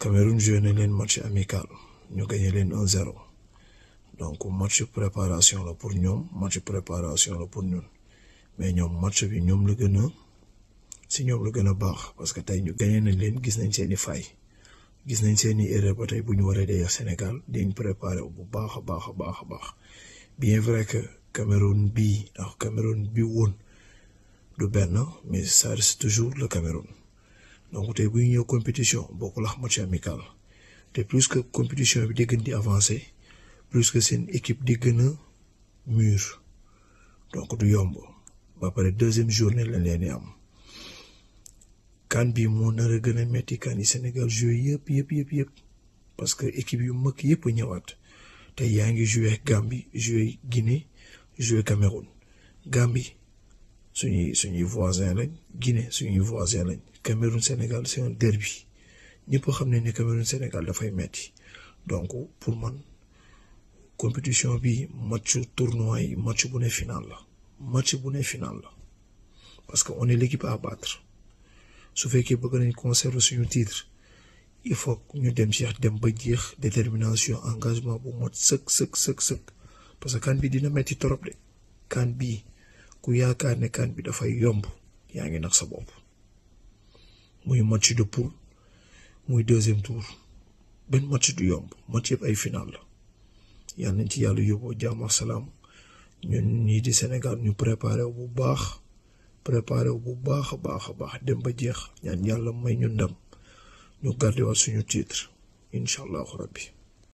Cameroun joué na leen match amical ñu gagné leen 1-0 donc match préparation la pour ñoom match préparation la pour ñun mais ñoom match bi ñoom la gën a si ñoom la gën a baax parce que tey ñu gagné nañ leen gis nañ seeni faay gis nañ seeni erreur ba tey bu ñu waree dee Sénégal dañ préparé bu baax a baax a baax a baax bien vrai que Cameroun bii ak Cameroun bi woon du benn mais ça reste toujours le Cameroun. donc tey bu ñëw compétition bokkul lax match amical te plus que compétition bi di gën di avancer plus que seen équipe di gën a mûr donc du yomb ba pare deuxième journée la leen di am kan bi moo nar a gën a metti kan yi Sénégal joué yëpp yëpp yëpp yëpp parce que équipe yu mag yëpp ñëwaat te yaa ngi joué Gambie joué Guinée joué Cameroun Gambie. suñuy suñuy voisin lañ Guinée suñuy voisin lañ Cameroun Sénégal c'est un derby ñëpp xam ne ni Cameroun Sénégal dafay metti donc pour man compétition bi matchu tournoi yi match bu ne final la match bu ne la parce que on est l'équipe à su fekkee bëgg nañ conserver suñu titre il faut ñu dem jeex dem ba jeex détermination engagement bu mot sëkk sëkk sëkk sëkk parce que kan bi dina metti trop de kan bii ku yaakaar ne kan bi dafay yomb yaa ngi nax sa bopp muy match de poule muy deuxième tour benn match du yomb match yëpp ay final la yal nañ ci yàlla yóbboo jàmm salaam ñu nii di Sénégal ñu préparé wu bu baax préparé wu bu baax a baax a baax dem ba jeex ñaan yàlla may ñu ndam ñu garder waat suñu titre incha rabbi